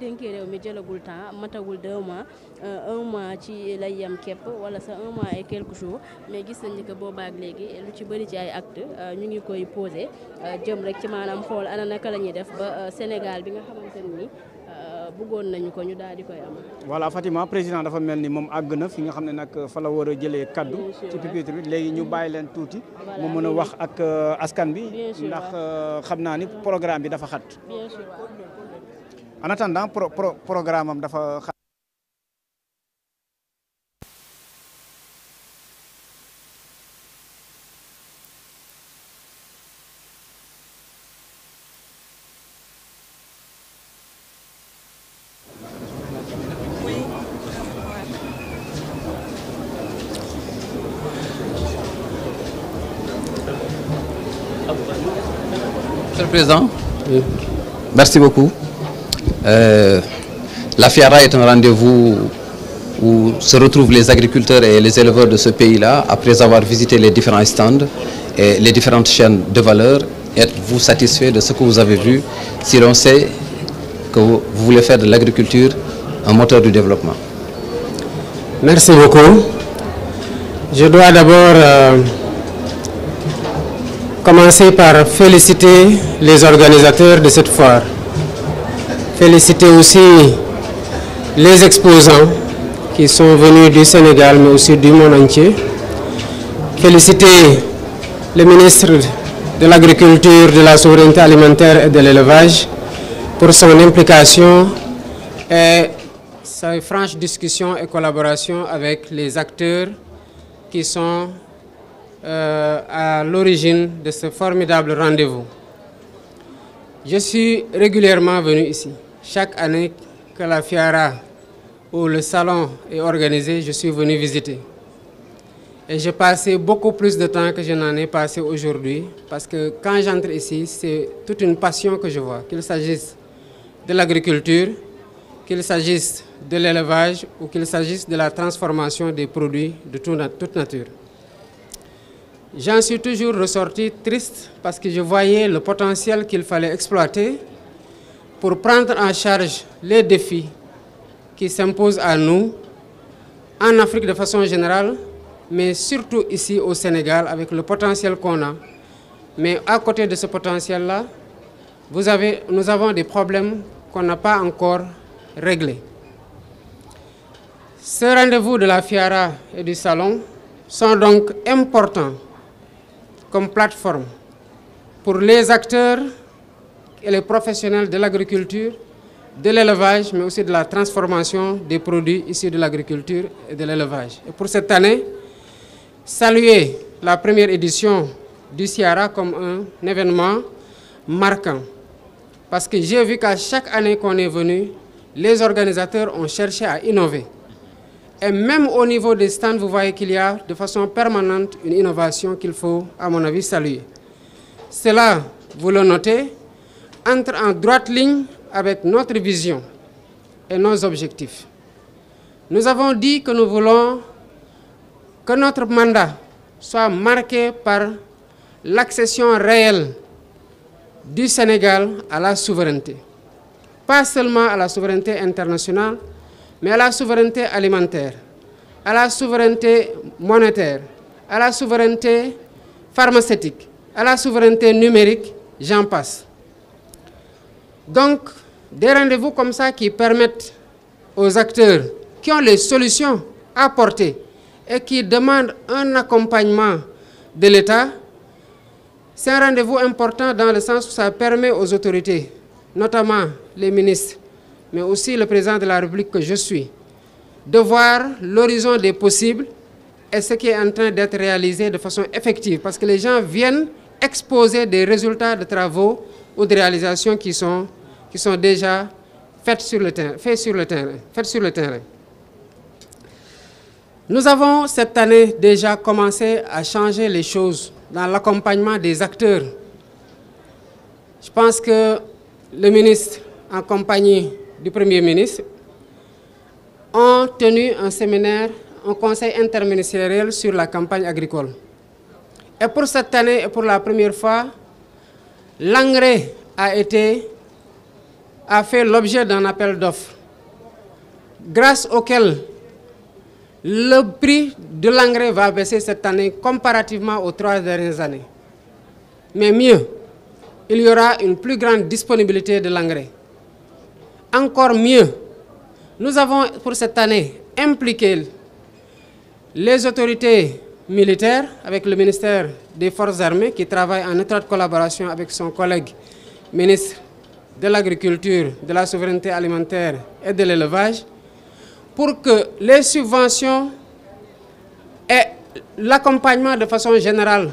dénkee réew mi jëlagul temps matagul de mois euh, un mois ci lay yem képp wala sa un mois et quelques jours mais gis nañ ni que boobaak léegi lu ci bëri ci ay acte euh, ñu ngi koy posé euh, jëm rek ci maanaam xool ana naka lañuy def ba Sénégal bi nga xamante ni bëggoon nañu ko ñu daal di koy am. voilà fatiment président dafa mel ni moom àgg na fi nga xam ne nag fa la war a jëlee kaddu. ci pupitre bi léegi ñu bàyyi leen tuuti. mu mën a wax ak askan bi. ndax xam naa ni programme bi dafa xat. en attendant pro programme de Monsieur le Président, merci beaucoup. Euh, la FIARA est un rendez-vous où se retrouvent les agriculteurs et les éleveurs de ce pays-là après avoir visité les différents stands et les différentes chaînes de valeur. Êtes-vous satisfait de ce que vous avez vu si l'on sait que vous voulez faire de l'agriculture un moteur du développement Merci beaucoup. Je dois d'abord euh, commencer par féliciter les organisateurs de cette foire. Féliciter aussi les exposants qui sont venus du Sénégal, mais aussi du monde entier. Féliciter le ministre de l'Agriculture, de la Souveraineté Alimentaire et de l'Élevage pour son implication et sa franche discussion et collaboration avec les acteurs qui sont euh, à l'origine de ce formidable rendez-vous. Je suis régulièrement venu ici chaque année que la Fiara ou le salon est organisé, je suis venu visiter. Et j'ai passé beaucoup plus de temps que je n'en ai passé aujourd'hui, parce que quand j'entre ici, c'est toute une passion que je vois, qu'il s'agisse de l'agriculture, qu'il s'agisse de l'élevage ou qu'il s'agisse de la transformation des produits de toute nature. J'en suis toujours ressorti triste parce que je voyais le potentiel qu'il fallait exploiter pour prendre en charge les défis qui s'imposent à nous, en Afrique de façon générale, mais surtout ici au Sénégal avec le potentiel qu'on a. Mais à côté de ce potentiel-là, nous avons des problèmes qu'on n'a pas encore réglés. Ce rendez-vous de la FIARA et du Salon sont donc importants comme plateforme pour les acteurs et les professionnels de l'agriculture, de l'élevage, mais aussi de la transformation des produits issus de l'agriculture et de l'élevage. Et pour cette année, saluer la première édition du Ciara comme un événement marquant. Parce que j'ai vu qu'à chaque année qu'on est venu, les organisateurs ont cherché à innover. Et même au niveau des stands, vous voyez qu'il y a de façon permanente une innovation qu'il faut, à mon avis, saluer. Cela, vous le notez, entre en droite ligne avec notre vision et nos objectifs. Nous avons dit que nous voulons que notre mandat soit marqué par l'accession réelle du Sénégal à la souveraineté. Pas seulement à la souveraineté internationale, mais à la souveraineté alimentaire, à la souveraineté monétaire, à la souveraineté pharmaceutique, à la souveraineté numérique, j'en passe. Donc, des rendez-vous comme ça qui permettent aux acteurs qui ont les solutions à apporter et qui demandent un accompagnement de l'État, c'est un rendez-vous important dans le sens où ça permet aux autorités, notamment les ministres, mais aussi le président de la République que je suis, de voir l'horizon des possibles et ce qui est en train d'être réalisé de façon effective. Parce que les gens viennent exposer des résultats de travaux ou de réalisations qui sont qui sont déjà faites sur le terrain. Faites sur le terrain, faites sur le terrain. Nous avons cette année déjà commencé à changer les choses dans l'accompagnement des acteurs. Je pense que le ministre, en compagnie du Premier ministre, ont tenu un séminaire, un conseil interministériel sur la campagne agricole. Et pour cette année et pour la première fois, l'engrais a été a fait l'objet d'un appel d'offres, grâce auquel le prix de l'engrais va baisser cette année comparativement aux trois dernières années. Mais mieux, il y aura une plus grande disponibilité de l'engrais. Encore mieux, nous avons pour cette année impliqué les autorités militaires avec le ministère des Forces armées qui travaille en étroite collaboration avec son collègue ministre de l'agriculture, de la souveraineté alimentaire et de l'élevage pour que les subventions et l'accompagnement de façon générale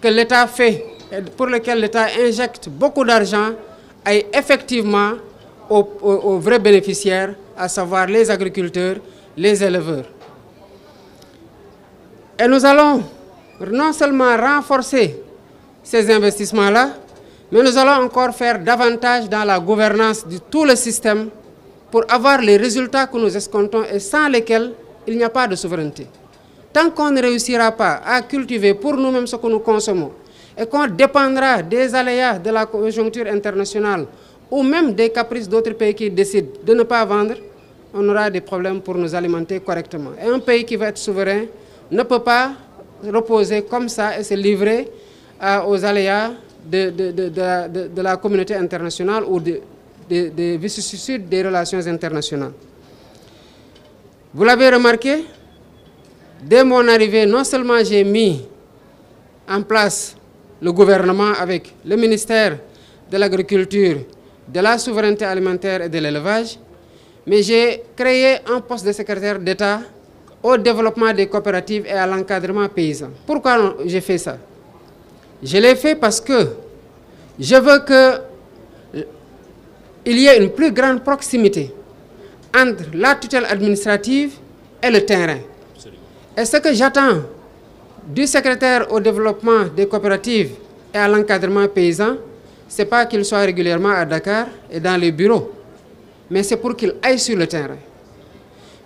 que l'État fait et pour lequel l'État injecte beaucoup d'argent aillent effectivement aux vrais bénéficiaires, à savoir les agriculteurs, les éleveurs. Et nous allons non seulement renforcer ces investissements-là, mais nous allons encore faire davantage dans la gouvernance de tout le système pour avoir les résultats que nous escomptons et sans lesquels il n'y a pas de souveraineté. Tant qu'on ne réussira pas à cultiver pour nous-mêmes ce que nous consommons et qu'on dépendra des aléas de la conjoncture internationale ou même des caprices d'autres pays qui décident de ne pas vendre, on aura des problèmes pour nous alimenter correctement. Et un pays qui va être souverain ne peut pas reposer comme ça et se livrer euh, aux aléas de, de, de, de, la communauté internationale ou des de, vicissitudes des relations internationales. Vous l'avez remarqué, dès mon arrivée, non seulement j'ai mis en place le gouvernement avec le ministère de l'Agriculture, de la Souveraineté Alimentaire et de l'Élevage, mais j'ai créé un poste de secrétaire d'État au développement des coopératives et à l'encadrement paysan. Pourquoi j'ai fait ça je l'ai fait parce que je veux que il y ait une plus grande proximité entre la tutelle administrative et le terrain. Et ce que j'attends du secrétaire au développement des coopératives et à l'encadrement paysan, ce n'est pas qu'il soit régulièrement à Dakar et dans les bureaux, mais c'est pour qu'il aille sur le terrain.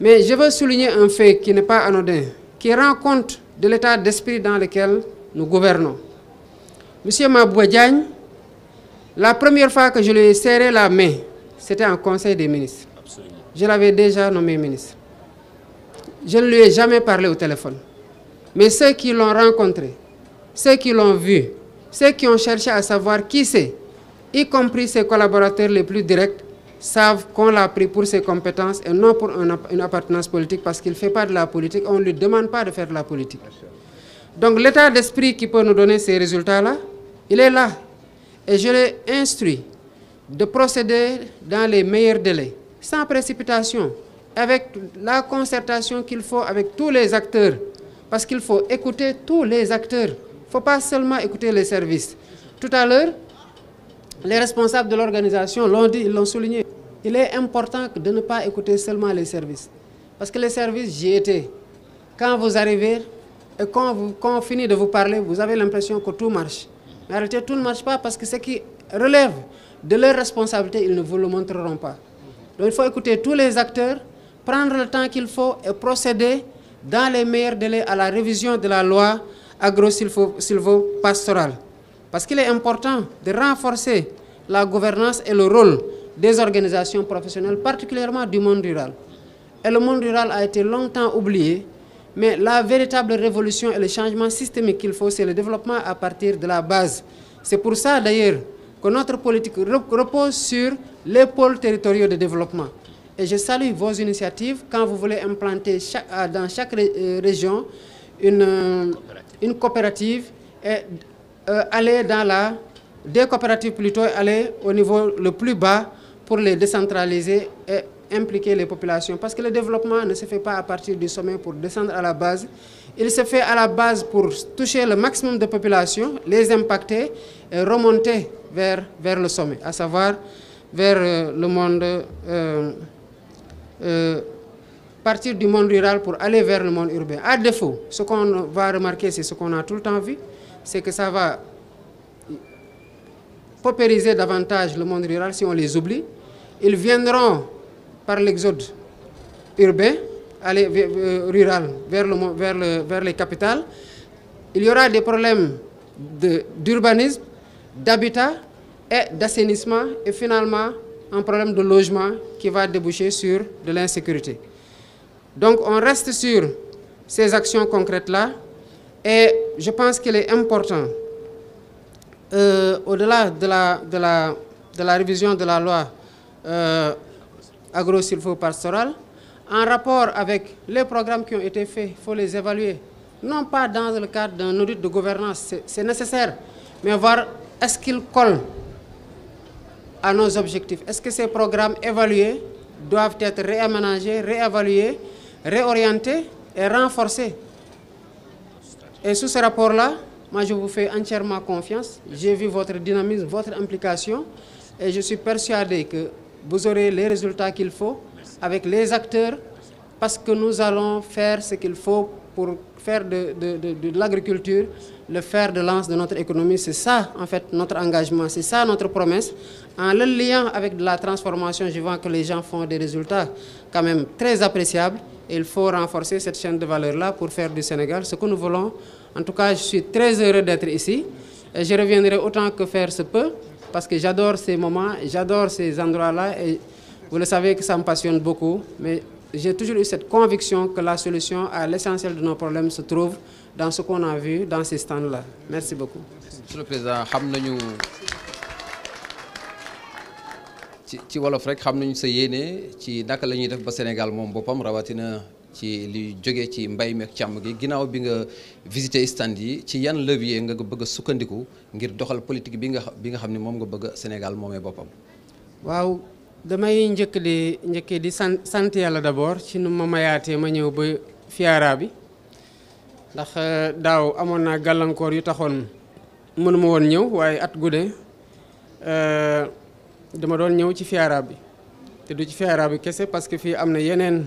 Mais je veux souligner un fait qui n'est pas anodin, qui rend compte de l'état d'esprit dans lequel nous gouvernons. Monsieur Maboué la première fois que je lui ai serré la main, c'était en conseil des ministres. Je l'avais déjà nommé ministre. Je ne lui ai jamais parlé au téléphone. Mais ceux qui l'ont rencontré, ceux qui l'ont vu, ceux qui ont cherché à savoir qui c'est, y compris ses collaborateurs les plus directs, savent qu'on l'a pris pour ses compétences et non pour une appartenance politique parce qu'il ne fait pas de la politique, on ne lui demande pas de faire de la politique. Donc l'état d'esprit qui peut nous donner ces résultats-là, il est là. Et je l'ai instruit de procéder dans les meilleurs délais, sans précipitation, avec la concertation qu'il faut avec tous les acteurs. Parce qu'il faut écouter tous les acteurs. Il ne faut pas seulement écouter les services. Tout à l'heure, les responsables de l'organisation l'ont dit, ils l'ont souligné. Il est important de ne pas écouter seulement les services. Parce que les services, j'y étais. Quand vous arrivez et quand, vous, quand finit de vous parler, vous avez l'impression que tout marche. Mais en tout ne marche pas parce que ce qui relève de leurs responsabilités, ils ne vous le montreront pas. Donc il faut écouter tous les acteurs, prendre le temps qu'il faut et procéder dans les meilleurs délais à la révision de la loi agro pastorale Parce qu'il est important de renforcer la gouvernance et le rôle des organisations professionnelles, particulièrement du monde rural. Et le monde rural a été longtemps oublié mais la véritable révolution et le changement systémique qu'il faut, c'est le développement à partir de la base. C'est pour ça d'ailleurs que notre politique repose sur les pôles territoriaux de développement. Et je salue vos initiatives quand vous voulez implanter euh, dans chaque euh, région une, euh, une coopérative et aller dans la... des coopératives plutôt, aller au niveau le plus bas pour les décentraliser et impliquer les populations parce que le développement ne se fait pas à partir du sommet pour descendre à la base. Il se fait à la base pour toucher le maximum de populations, les impacter et remonter vers, vers le sommet, à savoir vers euh, le monde, euh, euh, partir du monde rural pour aller vers le monde urbain. À défaut, ce qu'on va remarquer, c'est ce qu'on a tout le temps vu, c'est que ça va paupériser davantage le monde rural si on les oublie. Ils viendront par l'exode urbain, rural vers, vers, les capitales. Il y aura des problèmes d'urbanisme, d'habitat et d'assainissement et finalement un problème de logement qui va déboucher sur de l'insécurité. Donc on reste sur ces actions concrètes-là et je pense qu'il est important, euh, au-delà de la, révision de la loi euh, agro pastoral en rapport avec les programmes qui ont été faits. Il faut les évaluer, non pas dans le cadre d'un audit de gouvernance, c'est nécessaire, mais voir est-ce qu'ils collent à nos objectifs. Est-ce que ces programmes évalués doivent être réaménagés, réévalués, réorientés et renforcés Et sous ce rapport-là, moi je vous fais entièrement confiance. J'ai vu votre dynamisme, votre implication et je suis persuadé que vous aurez les résultats qu'il faut avec les acteurs parce que nous allons faire ce qu'il faut pour faire de, l'agriculture le fer de lance de notre économie. C'est ça, en fait, notre engagement, c'est ça notre promesse. En le liant avec de la transformation, je vois que les gens font des résultats quand même très appréciables. il faut renforcer cette chaîne de valeur-là pour faire du Sénégal ce que nous voulons. En tout cas, je suis très heureux d'être ici. Et je reviendrai autant que faire se peut parce que j'adore ces moments, j'adore ces endroits-là et vous le savez que ça me passionne beaucoup, mais j'ai toujours eu cette conviction que la solution à l'essentiel de nos problèmes se trouve dans ce qu'on a vu dans ces stands-là. Merci beaucoup. Monsieur le Président, ci li jóge ci mbay meek càmm gi ginnaaw bi nga visité stand yi ci yan levier nga bëgg a sukkandiku ngir doxal politique bi nga bi nga xam ne moom nga bëgg a Sénégal moomee boppam. waaw damay njëkk di njëkkee di sant sant yàlla d'abord ci nu ma mayaatee ma ñëw ba fiara bi ndax euh, daaw amoon naa gàllankoor yu taxoon mënuma woon ñëw waaye at guddee euh, dama doon ñëw ci fiara bi te du ci fiara bi kese parce que fii am na yeneen.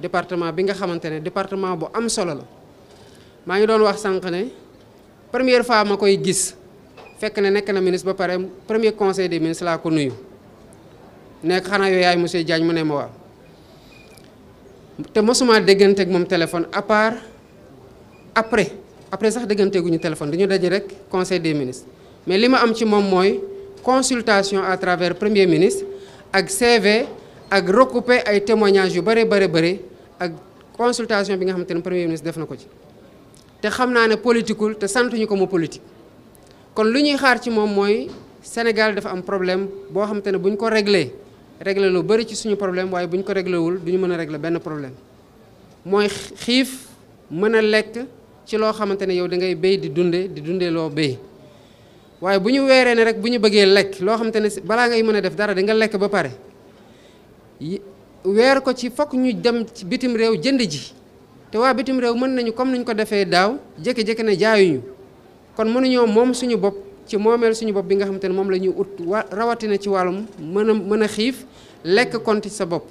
département bi nga xamantene département bu am solo la ma ngi doon wax sank ne première fois ma koy gis fekk ne nek na ministre ba paré premier conseil des ministres la ko nuyu nek xana yo yaay monsieur Diagne mu ne ma wa té mosuma déggante ak mom téléphone à part après après sax guñu téléphone dañu daje rek conseil des ministres mais lima am ci mom moy consultation à travers premier ministre ak CV ak recoupé ay témoignages yu bare bare ak consultation bi nga xamante ne premier ministre def na ko ci te xam naa ne politikul te santuñu ko mu politique kon lu ñuy xaar ci moom mooy Sénégal dafa am problème boo xamante ne bu ñu ko réglé réglé lu bari ci suñu problème waaye bu ñu ko réglé wul du ñu mën a réglé benn problème mooy xiif mën a lekk ci loo xamante ne yow da ngay béy di dunde di dundee loo béy waaye bu ñu weeree ne rek bu ñu bëggee lekk loo xamante ne balaa ngay mën a def dara di nga lekk ba pare weer ko ci fokk ñu dem ci bitim réew jënd ji te waa bitim réew mën nañu comme nañ ko defee daaw jékki-jékki ne jaayuñu kon mënuñoo moom suñu bopp ci moomeel suñu bopp bi nga xamante ne moom la ñuy ut wa rawatina ci wàllum mën a mën a xiif lekk konti sa bopp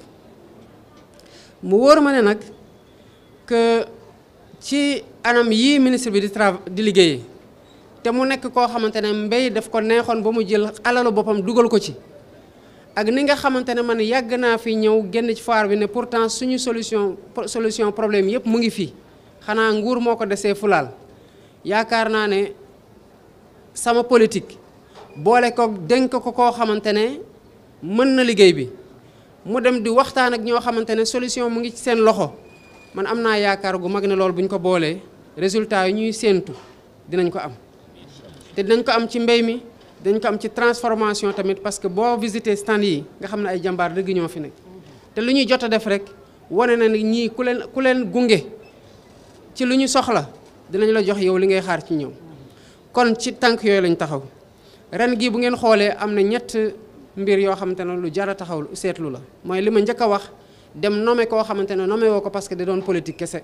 mu wóor ma ne nag que ci anam yii ministre bi di tra di liggéeyee te mu nekk koo xamante ne mbéy daf ko neexoon ba mu jël alalu boppam dugal ko ci ak ni nga xamante ne man yàgg naa fi ñëw génn ci foire bi ne pourtant suñu solution solution problème yëpp mu ngi fi xanaa nguur moo ko desee fulaal yaakaar naa ne sama politique boole ko dénk ko koo xamante ne mën na liggéey bi mu dem di waxtaan ak ñoo xamante ne solution mu ngi ci seen loxo man am naa yaakaar gu mag ne loolu bu ñu ko boolee résultat yi ñuy séentu dinañ ko am te dinañ ko am ci mbéy mi. dañ ko am ci transformation tamit parce que boo visité stand yi nga xam ne ay jàmbaar dëgg ñoo fi nekk te lu ñuy jot a def rek wane na ni ñii ku leen ku leen gunge ci lu ñu soxla dinañ la jox yow li ngay xaar ci ñëw kon ci tànk yooyu lañu taxaw ren gii bu ngeen xoolee am na ñett mbir yoo xamante ne lu jara taxaw seetlu la mooy li ma njëkk a wax dem nommé koo xamante ne nommé woo ko parce que da doon politique kese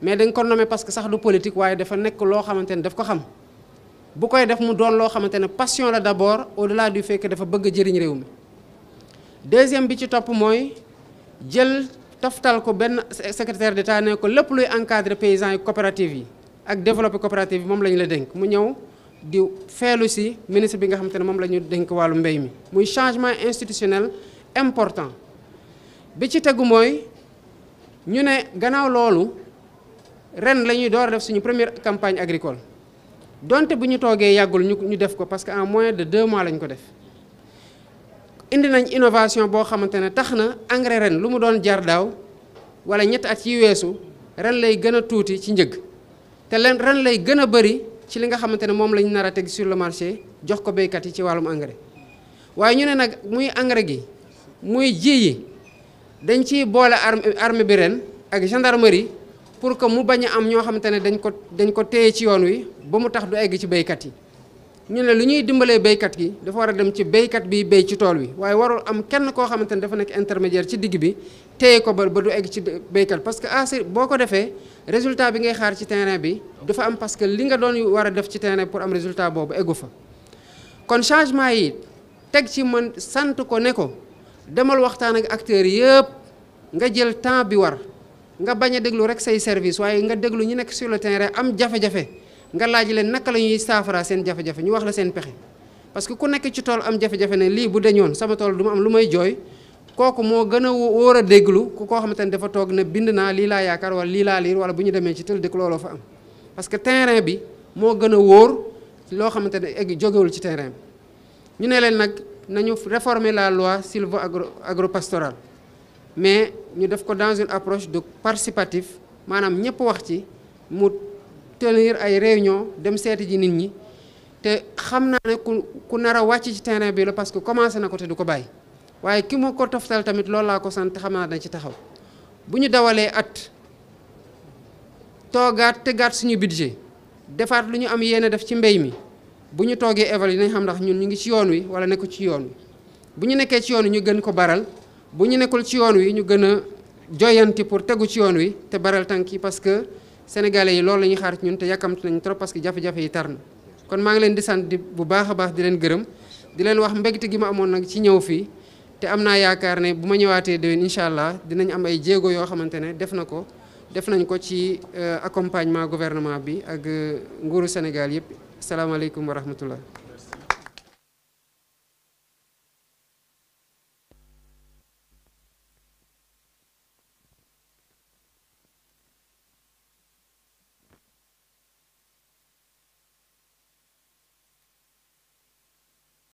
mais dañ ko nommé parce que sax du politique waaye dafa nekk loo xamante ne daf ko xam. bu koy def mu doon loo xamante ne passion la d'abord au-delà du fait que dafa bëgg jëriñ réew mi deuxième bi ci topp mooy jël toftal ko benn secrétaire d'État ne ko lépp luy encadrer paysans yi coopérative yi ak développer coopérative yi moom la ñu la dénk mu ñëw di feelu si ministre bi nga xamante ne moom la ñu dénk wàllu mbay mi muy changement institutionnel important bi ci tegu mooy ñu ne gannaaw loolu ren la ñuy door def suñu première campagne agricole donte bu ñu toogee yàggul ñu ñu def ko parce que en moins de deux mois lañ ko def indi nañ innovation boo xamante ne tax na engrais ren lu mu doon jar daaw wala ñetti at yi weesu ren lay gën a tuuti ci njëg te len ren lay gën a bëri ci li nga xamante ne moom lañ nar a teg sur le marché jox ko béykat yi ci wàllum engrais waaye ñu ne nag muy engrais gi muy ji yi dañ ciy boole arme bi ren ak gendarmerie. pour que mu bañ a am ñoo xamante ne dañ ko dañ ko téye ci yoon wi ba mu tax du egg ci baykat yi ñu ne lu ñuy dimbalee baykat gi dafa war a dem ci baykat bi béy ci tool wi waaye warul am kenn koo xamante ne dafa nekk intermédiaire ci digg bi téye ko ba ba du egg ci béykat parce que assi ah, boo ko defee résultat bi ngay xaar ci terrain bi dafa am parce que li nga doon war a def ci terrain pour am résultat boobu eggu fa kon changement yi teg ci man sant ko ne ko demal waxtaan ak acteurs yëpp nga jël temps bi war nga bañ a déglu rek say service waaye nga déglu ñu nekk sur le terrain am jafe-jafe nga laaj leen naka la ñuy saafara seen jafe-jafe ñu wax la seen pexe parce que ku nekk ci tool am jafe ne lii bu dañoon sama tool du ma am lu may jooy kooku moo gën a wóor a déglu ku koo xamante ne dafa toog ne bind naa lii laa yaakaar wala lii laa liir wala bu ñu demee ci tël dëkk looloo fa am parce que terrain bi moo gën a wóor loo xamante ne egg jógewul ci terrain bi ñu ne leen nag nañu réformer la loi sylvo agro agropastorale mais ñu def ko dans une approche de participatif maanaam ñëpp wax ci mu tenir ay réunion dem seeti ji nit ñi te xam naa ne ku ku nara wàcc ci terrain bi la parce que commencé na ko te du ko bàyyi waaye ki ma ko toftal tamit loolu laa ko sant xam naa dañ ci taxaw bu ñu dawalee at toogaat tegaat suñu budget defaat lu ñu am yéene def ci mbéy mi bu ñu toogee évaluer nañ xam ndax ñun ñu ngi ci yoon wi wala nekku ci yoon wi bu ñu nekkee ci yoon wi ñu gën ko baral bu ñu nekkul ci yoon wi ñu gën a joyanti pour tegu ci yoon wi te baral tànk yi parce que sénégalais yi loolu lañuy ñuy xaar ci ñun te yàkkamti nañ trop parce que jafe-jafe yi tar na kon maa ngi leen di sant di bu baax a baax di leen gërëm di leen wax mbégte gi ma amoon nag ci ñëw fii te am naa yaakaar ne bu ma ñëwaatee déwén incha allah dinañ am ay jéego yoo xamante ne def na ko def nañ ko ci euh, accompagnement gouvernement bi ak euh, nguuru Sénégal yëpp salaamaaleykum wa rahmatullah